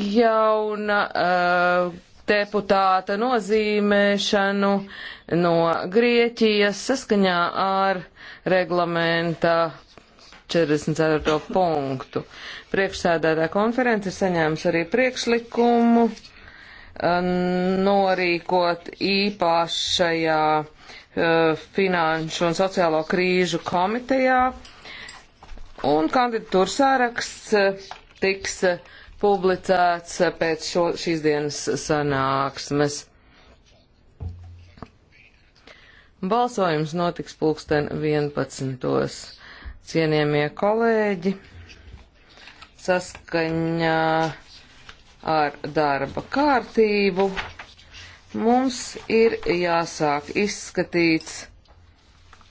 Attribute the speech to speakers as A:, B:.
A: jauna uh, deputāta nozīmēšanu no Grieķijas saskaņā ar reglamenta 44. punktu. Priekšsēdētā konference ir saņēmusi arī priekšlikumu eh, norīkot īpašajā uh, finanšu un sociālo krīžu komitejā, un kandidatūras sāraksts tiks publicēts pēc šo, šīs dienas sanāksmes. Balsojums notiks pulksten 11. Cienījamie kolēģi, saskaņā ar darba kārtību mums ir
B: jāsāk izskatīts